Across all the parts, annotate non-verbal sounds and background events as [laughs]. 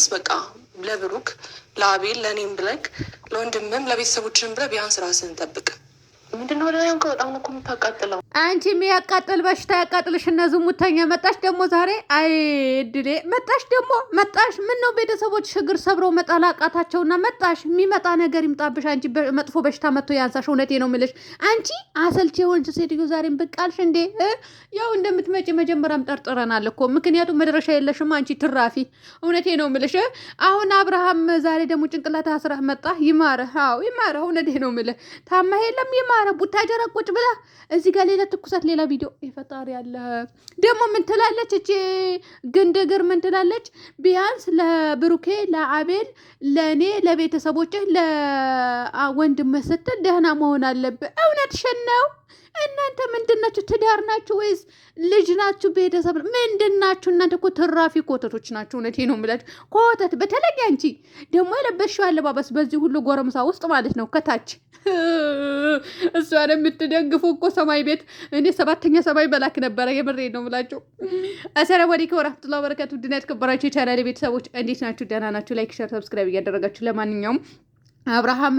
ቢያንስ በቃ ለብሩክ ለአቤል ለእኔም ብለክ ለወንድምም ለቤተሰቦችን ብለ ቢያንስ ራስን ጠብቅ። ምንድን ነው ደግሞ በጣም ነው እኮ የምታቃጥለው። አንቺ የሚያቃጥል በሽታ ያቃጥልሽ። እና ዝሙተኛ መጣሽ ደግሞ ዛሬ። አይ እድሌ መጣሽ ደግሞ መጣሽ። ምን ነው ቤተሰቦች ችግር ሰብረው መጣል አቃታቸውና መጣሽ። የሚመጣ ነገር ይምጣብሽ። አንቺ መጥፎ በሽታ መጥቶ ያንሳሽ። እውነቴ ነው የምልሽ። አንቺ አሰልቼ የሆንሽ ሴትዮ ዛሬም ብቅ አልሽ እንዴ? ያው እንደምትመጪ መጀመሪያም ጠርጥረናል እኮ ምክንያቱም መድረሻ የለሽም አንቺ ትራፊ። እውነቴ ነው የምልሽ። አሁን አብርሃም ዛሬ ደግሞ ጭንቅላት አስራህ መጣ። ይማረህ። አዎ ይማረህ። እውነቴ ነው የምልህ። ታማ የለም ይማረህ ኧረ ቡታጀራ ቁጭ ብላ እዚህ ጋር ሌላ ትኩሳት፣ ሌላ ቪዲዮ ይፈጣሪ ያለ ደግሞ ምን ትላለች እቺ ግንድግር ምን ትላለች? ቢያንስ ለብሩኬ፣ ለአቤል፣ ለእኔ፣ ለቤተሰቦች፣ ለወንድም ስትል ደህና መሆን አለብህ። እውነትሽን ነው። እናንተ ምንድን ናችሁ? ትዳር ናችሁ ወይስ ልጅ ናችሁ? ቤተሰብ ምንድን ናችሁ? እናንተ እኮ ትራፊ ኮተቶች ናችሁ። እውነቴ ነው የምላችሁ ኮተት። በተለይ አንቺ ደግሞ የለበሽው አለባበስ በዚህ ሁሉ ጎረምሳ ውስጥ ማለት ነው ከታች [laughs] እሷን የምትደግፉ እኮ ሰማይ ቤት እኔ ሰባተኛ ሰማይ መላክ ነበረ። የምሬ ነው የምላችሁ። [laughs] አሰላሙ አለይኩም ወራህመቱላሂ ወበረካቱ ድና የተከበራችሁ የቻናሌ ቤተሰቦች እንዴት ናችሁ? ደህና ናችሁ? ላይክ፣ ሸር፣ ሰብስክራይብ እያደረጋችሁ ለማንኛውም አብርሃም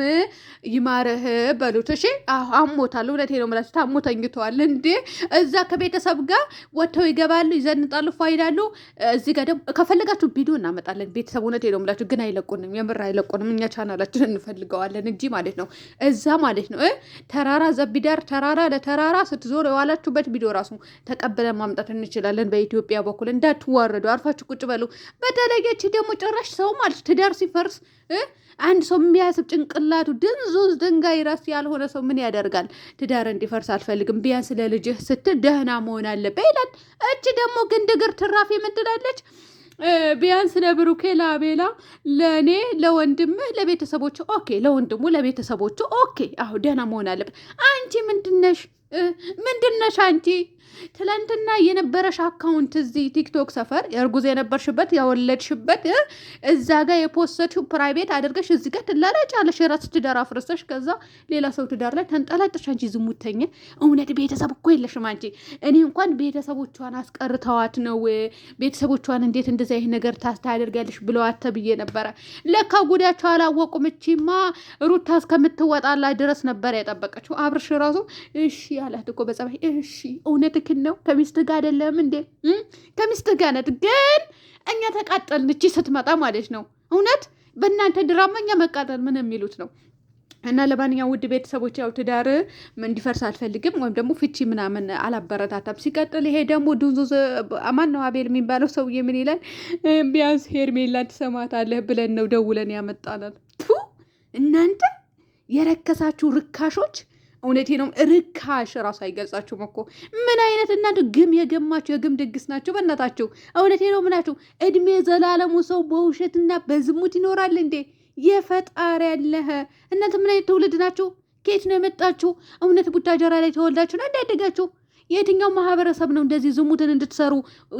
ይማርህ በሉት። እሺ አሞታል። እውነቴ ነው የምላችሁት። አሞ ተኝተዋል እንዴ! እዛ ከቤተሰብ ጋር ወጥተው ይገባሉ፣ ይዘንጣሉ፣ ፋይዳሉ። ይላሉ። እዚህ ጋር ደግሞ ከፈለጋችሁ ቪዲዮ እናመጣለን። ቤተሰብ እውነቴ ነው የምላችሁ፣ ግን አይለቁንም፣ የምር አይለቁንም። እኛ ቻናላችን እንፈልገዋለን እንጂ ማለት ነው። እዛ ማለት ነው ተራራ ዘቢዳር ተራራ ለተራራ ስትዞር የዋላችሁበት ቪዲዮ ራሱ ተቀብለን ማምጣት እንችላለን። በኢትዮጵያ በኩል እንዳትዋረዱ፣ አርፋችሁ ቁጭ በሉ። በተለየች ደግሞ ጭራሽ ሰው ማለት ትዳር ሲፈርስ አንድ ሰው የሚያስብ ጭንቅላቱ ድንዙዝ ድንጋይ ራስ ያልሆነ ሰው ምን ያደርጋል? ትዳር እንዲፈርስ አልፈልግም፣ ቢያንስ ለልጅህ ስትል ደህና መሆን አለበ ይላል። እች ደግሞ ግንድግር ትራፊ ምንድላለች? ቢያንስ ለብሩኬ፣ ለአቤላ፣ ለእኔ፣ ለወንድም ለቤተሰቦቹ ኦኬ፣ ለወንድሙ፣ ለቤተሰቦቹ ኦኬ። አሁ ደህና መሆን አለበት። አንቺ ምንድነሽ? ምንድነሽ አንቺ? ትላንትና የነበረሽ አካውንት እዚህ ቲክቶክ ሰፈር እርጉዝ የነበርሽበት ያወለድሽበት እዛ ጋር የፖሰትሽው ፕራይቬት አድርገሽ እዚህ ጋር ትላለጫለሽ። የራስሽ ትዳር አፍርሰሽ ከዛ ሌላ ሰው ትዳር ላይ ተንጠላጥሽ። አንቺ ዝሙተኝ፣ እውነት ቤተሰብ እኮ የለሽም አንቺ። እኔ እንኳን ቤተሰቦቿን አስቀርተዋት ነው ቤተሰቦቿን እንዴት እንደዚ ይህ ነገር ታስታደርጋለሽ ብለዋት ተብዬ ነበረ። ለካ ጉዳያቸው አላወቁም። እቺማ ሩታ እስከምትወጣላት ድረስ ነበር የጠበቀችው። አብርሽ ራሱ እሺ አላት እኮ በጸባይ። እሺ እውነትህን ነው ከሚስትህ ጋር አይደለም እንዴ? ከሚስትህ ጋር ናት፣ ግን እኛ ተቃጠልን እቺ ስትመጣ ማለት ነው። እውነት በእናንተ ድራማ እኛ መቃጠል ምን የሚሉት ነው? እና ለማንኛውም ውድ ቤተሰቦች ያው ትዳር እንዲፈርስ አልፈልግም፣ ወይም ደግሞ ፍቺ ምናምን አላበረታታም። ሲቀጥል ይሄ ደግሞ ዱንዙ አማን ነው አቤል የሚባለው ሰውዬ ምን ይላል? ቢያንስ ሄርሜላን ትሰማታለህ ብለን ነው ደውለን ያመጣናል። እናንተ የረከሳችሁ ርካሾች እውነቴ ነው። ርካሽ ራሱ አይገልጻችሁም እኮ ምን አይነት እናንተ ግም የገማችሁ የግም ድግስ ናቸው። በእናታችሁ እውነቴ ነው። ምናችሁ እድሜ ዘላለሙ ሰው በውሸትና በዝሙት ይኖራል እንዴ? የፈጣሪ ያለህ እናንተ ምን አይነት ትውልድ ናችሁ? ከየት ነው የመጣችሁ? እውነት ቡታጀራ ላይ ተወልዳችሁ ነው እንዳያደጋችሁ? የትኛው ማህበረሰብ ነው እንደዚህ ዝሙትን እንድትሰሩ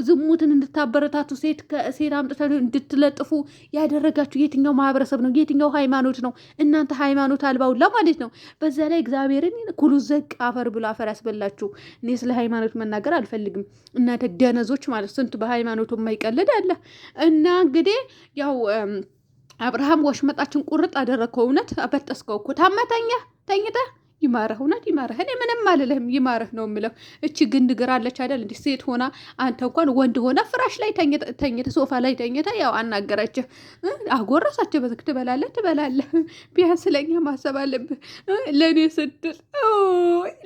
ዝሙትን እንድታበረታቱ ሴት ከሴት አምጥተ እንድትለጥፉ ያደረጋችሁ የትኛው ማህበረሰብ ነው? የትኛው ሃይማኖት ነው? እናንተ ሃይማኖት አልባውላ ማለት ነው። በዛ ላይ እግዚአብሔርን ኩሉ ዘቅ አፈር ብሎ አፈር ያስበላችሁ። እኔ ስለ ሃይማኖት መናገር አልፈልግም። እናንተ ደነዞች ማለት ስንት በሃይማኖቱ የማይቀልድ አለ እና እንግዲህ ያው አብርሃም ወሽመጣችን ቁርጥ አደረግከው። እውነት አበጠስከው እኮ ታመተኛ ተኝተህ ይማረህ እውነት ይማረህ። እኔ ምንም አልልህም፣ ይማረህ ነው የምለው። እቺ ግንድ ግር አለች አይደል? እንዲህ ሴት ሆና አንተ እንኳን ወንድ ሆና ፍራሽ ላይ ተኝተ ሶፋ ላይ ተኝተ ያው አናገረችህ፣ አጎረሳቸው። በዝግ ትበላለህ ትበላለህ። ቢያንስ ለእኛ ማሰብ አለብህ። ለእኔ ስትል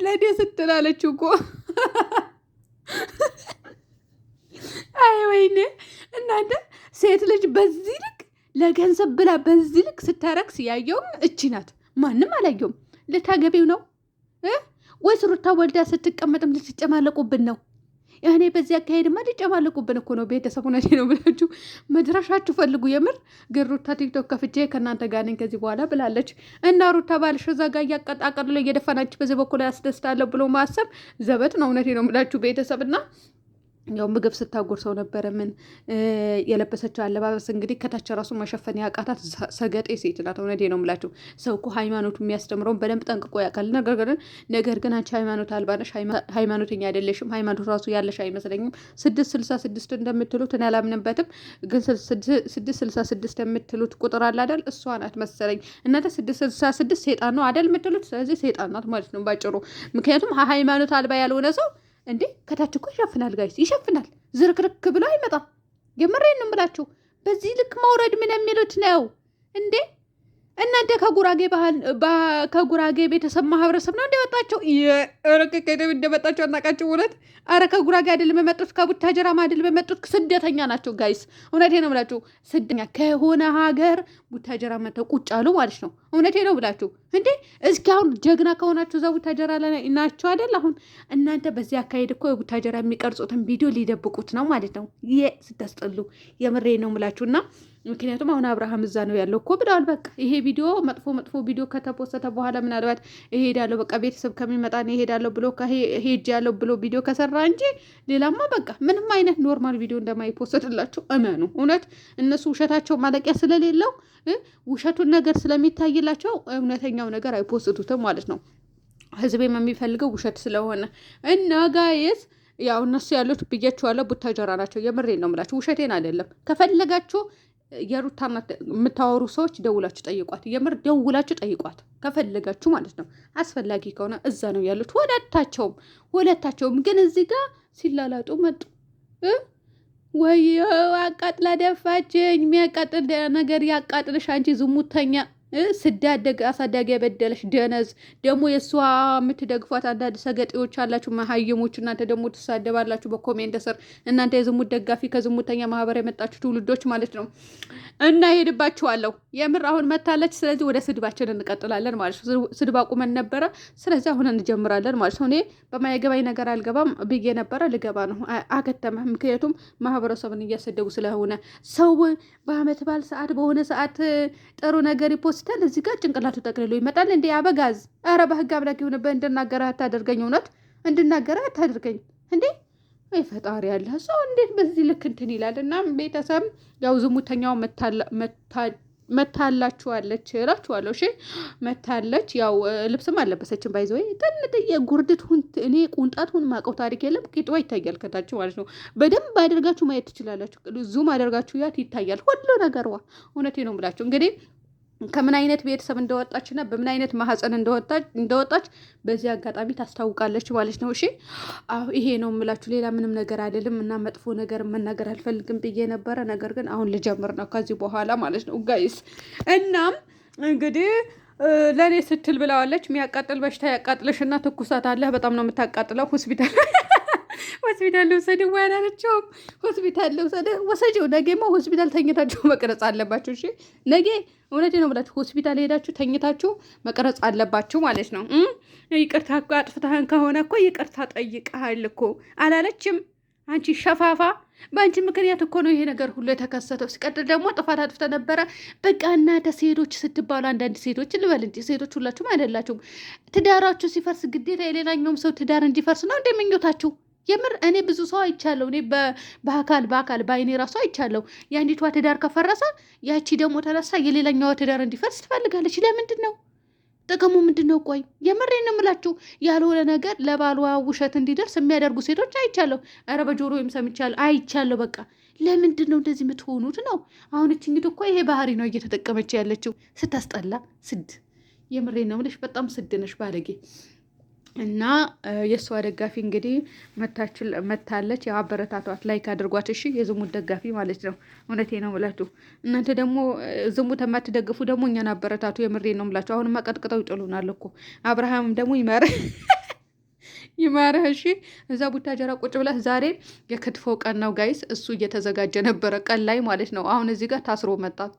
ለእኔ ስትል አለች እኮ አይ ወይኔ እናንተ ሴት ልጅ በዚህ ልክ ለገንዘብ ብላ በዚህ ልክ ስታረክስ ያየውም እቺ ናት። ማንም አላየውም። ልታገቢው ነው ወይስ ሩታ ወልዳ ስትቀመጥም ልትጨማለቁብን ነው? እኔ በዚህ አካሄድማ ሊጨማለቁብን እኮ ነው። ቤተሰብ ሆነ ነው ብላችሁ መድረሻችሁ ፈልጉ። የምር ግን ሩታ ቲክቶክ ከፍቼ ከእናንተ ጋር ነኝ ከዚህ በኋላ ብላለች እና ሩታ ባልሽ እዛ ጋር እያቀጣቀለ እየደፈናች በዚህ በኩል ያስደስታለሁ ብሎ ማሰብ ዘበት ነው። እውነቴ ነው የምላችሁ ቤተሰብና ያው ምግብ ስታጎርሰው ነበረ። ምን የለበሰችው አለባበስ እንግዲህ ከታች ራሱ መሸፈን ያቃታት ሰገጤ ሴት ናት። እውነቴ ነው የምላችሁ። ሰው እኮ ሃይማኖቱ የሚያስተምረውን በደንብ ጠንቅቆ ያውቃል። ነገር ግን ነገር ግን አንቺ ሃይማኖት አልባ ሃይማኖተኛ አይደለሽም፣ ሃይማኖት ራሱ ያለሽ አይመስለኝም። ስድስት ስልሳ ስድስት እንደምትሉት እኔ አላምንበትም። ግን ስድስት ስልሳ ስድስት የምትሉት ቁጥር አለ አይደል? እሷ ናት መሰለኝ እናንተ። ስድስት ስልሳ ስድስት ሴጣን ነው አይደል የምትሉት? ስለዚህ ሴጣን ናት ማለት ነው ባጭሩ። ምክንያቱም ሃይማኖት አልባ ያልሆነ ሰው እንዴ ከታች እኮ ይሸፍናል፣ ጋይስ ይሸፍናል። ዝርክርክ ብሎ አይመጣም። የምሬን ነው የምላችሁ። በዚህ ልክ መውረድ ምን የሚሉት ነው እንዴ? እናንተ ከጉራጌ ባህል ከጉራጌ ቤተሰብ ማህበረሰብ ነው እንደመጣቸው ረቅቅ እንደመጣቸው አናቃቸው። እውነት አረ ከጉራጌ አይደለም የመጡት ከቡታጀራም አይደለም የመጡት ስደተኛ ናቸው። ጋይስ እውነቴ ነው ብላችሁ ስደኛ ከሆነ ሀገር ቡታጀራ መተው ቁጭ አሉ ማለት ነው። እውነቴ ነው ብላችሁ እንዴ እስኪ አሁን ጀግና ከሆናችሁ እዛ ቡታጀራ ላይ ናቸው አይደል? አሁን እናንተ በዚህ አካሄድ እኮ የቡታጀራ የሚቀርጹትን ቪዲዮ ሊደብቁት ነው ማለት ነው። ይሄ ስታስጠሉ የምሬ ነው ምላችሁና ምክንያቱም አሁን አብርሃም እዛ ነው ያለው እኮ ብለዋል። በቃ ይሄ ቪዲዮ መጥፎ መጥፎ ቪዲዮ ከተፖሰተ በኋላ ምናልባት እሄዳለሁ በቃ ቤተሰብ ከሚመጣ እሄዳለሁ ብሎ ሄጅ ያለው ብሎ ቪዲዮ ከሰራ እንጂ ሌላማ በቃ ምንም አይነት ኖርማል ቪዲዮ እንደማይፖሰትላቸው እመኑ። እውነት እነሱ ውሸታቸው ማለቂያ ስለሌለው ውሸቱን ነገር ስለሚታይላቸው እውነተኛው ነገር አይፖስቱትም ማለት ነው። ህዝቤም የሚፈልገው ውሸት ስለሆነ እና ጋየስ ያው እነሱ ያሉት ብያችኋለሁ፣ ቡታጀራ ናቸው። የምሬን ነው የምላችሁ፣ ውሸቴን አይደለም። ከፈለጋችሁ የሩታ የምታወሩ ሰዎች ደውላችሁ ጠይቋት። የምር ደውላችሁ ጠይቋት ከፈለጋችሁ ማለት ነው። አስፈላጊ ከሆነ እዛ ነው ያሉት ሁለታቸውም ሁለታቸውም። ግን እዚህ ጋር ሲላላጡ መጡ። ወይ አቃጥላ ደፋችኝ። የሚያቃጥል ነገር ያቃጥልሽ አንቺ ዝሙተኛ ስዳደግ አሳዳጊ የበደለሽ ደነዝ። ደግሞ የእሷ የምትደግፏት አንዳንድ ሰገጤዎች አላችሁ መሀይሞች። እናንተ ደግሞ ትሳደባላችሁ በኮሜንት ስር። እናንተ የዝሙት ደጋፊ ከዝሙተኛ ማህበር የመጣችሁ ትውልዶች ማለት ነው። እና ሄድባችኋለሁ። የምር አሁን መታለች። ስለዚህ ወደ ስድባችን እንቀጥላለን ማለት ነው። ስድባ ቁመን ነበረ። ስለዚህ አሁን እንጀምራለን ማለት ነው። እኔ በማይገባኝ ነገር አልገባም ብዬ ነበረ። ልገባ ነው አከተመ። ምክንያቱም ማህበረሰብን እያሰደቡ ስለሆነ ሰው በአመት ባል ሰዓት በሆነ ሰዓት ጥሩ ነገር ይፖስት አንስተን እዚህ ጋር ጭንቅላቱ ጠቅልሎ ይመጣል እንደ አበጋዝ! ኧረ በህግ አምላክ የሆነበት እንድናገረ አታደርገኝ። እውነት እንድናገረ አታደርገኝ እንዴ! ፈጣሪ ያለ ሰው እንዴት በዚህ ልክ እንትን ይላል? እና ቤተሰብ ያው ዝሙተኛው መታላችኋለች እላችኋለሁ። እሺ መታለች። ያው ልብስም አለበሰችን ባይዘ ወይ የጉርድት ሁን እኔ ሁን ማቀው ታሪክ የለም። ቂጧ ይታያል ከታች ማለት ነው። በደንብ አደርጋችሁ ማየት ትችላላችሁ። ዙም አደርጋችሁ ያት ይታያል ሁሉ ነገርዋ። እውነቴ ነው ብላችሁ እንግዲህ ከምን አይነት ቤተሰብ እንደወጣች እና በምን አይነት ማህፀን እንደወጣች በዚህ አጋጣሚ ታስታውቃለች ማለት ነው። እሺ ይሄ ነው የምላችሁ፣ ሌላ ምንም ነገር አይደለም። እና መጥፎ ነገር መናገር አልፈልግም ብዬ ነበረ፣ ነገር ግን አሁን ልጀምር ነው ከዚህ በኋላ ማለት ነው ጋይስ። እናም እንግዲህ ለእኔ ስትል ብለዋለች። የሚያቃጥል በሽታ ያቃጥልሽ እና ትኩሳት አለህ። በጣም ነው የምታቃጥለው ሆስፒታል ሆስፒታል ልውሰድህ ወይ አላለችውም? ሆስፒታል ልውሰድህ ወሰጀው። ነገማ ሆስፒታል ተኝታችሁ መቅረጽ አለባችሁ። እሺ ነገ እውነቴ ነው ብላችሁ ሆስፒታል ሄዳችሁ ተኝታችሁ መቅረጽ አለባችሁ ማለት ነው። ይቅርታ አጥፍታህን ከሆነ እኮ ይቅርታ ጠይቀሃል እኮ አላለችም። አንቺ ሸፋፋ፣ በአንቺ ምክንያት እኮ ነው ይሄ ነገር ሁሉ የተከሰተው። ሲቀጥል ደግሞ ጥፋት አጥፍተ ነበረ። በቃ እናንተ ሴቶች ስትባሉ አንዳንድ ሴቶች ልበል እንጂ ሴቶች ሁላችሁም አይደላችሁም። ትዳራችሁ ሲፈርስ ግዴታ የሌላኛውም ሰው ትዳር እንዲፈርስ ነው እንደምኞታችሁ። የምር እኔ ብዙ ሰው አይቻለሁ። እኔ በአካል በአካል በአይኔ ራሱ አይቻለሁ። የአንዲቷ ትዳር ከፈረሰ ያቺ ደግሞ ተነሳ የሌላኛዋ ትዳር እንዲፈርስ ትፈልጋለች። ለምንድን ነው ጥቅሙ ምንድን ነው? ቆይ የምሬ ነው የምላችሁ። ያልሆነ ነገር ለባሏ ውሸት እንዲደርስ የሚያደርጉ ሴቶች አይቻለሁ። ኧረ በጆሮ ወይም ሰምቻለሁ አይቻለሁ። በቃ ለምንድን ነው እንደዚህ የምትሆኑት ነው? አሁን እችኝት እኮ ይሄ ባህሪ ነው እየተጠቀመች ያለችው። ስታስጠላ ስድ። የምሬ ነው የምልሽ። በጣም ስድ ነሽ ባለጌ። እና የእሷ ደጋፊ እንግዲህ መታለች። አበረታቷት፣ ላይክ አድርጓት። እሺ የዝሙት ደጋፊ ማለት ነው። እውነቴ ነው የምላችሁ። እናንተ ደግሞ ዝሙት የማትደግፉ ደግሞ እኛን አበረታቱ። የምሬ ነው የምላችሁ። አሁን ቀጥቅጠው ይጥሉናል እኮ። አብርሃም ደግሞ ይመር [laughs] ይማረህ እሺ። እዛ ቡታጀራ ቁጭ ብለህ ዛሬ የክትፎ ቀን ነው ጋይስ። እሱ እየተዘጋጀ ነበረ ቀን ላይ ማለት ነው። አሁን እዚህ ጋር ታስሮ መጣ።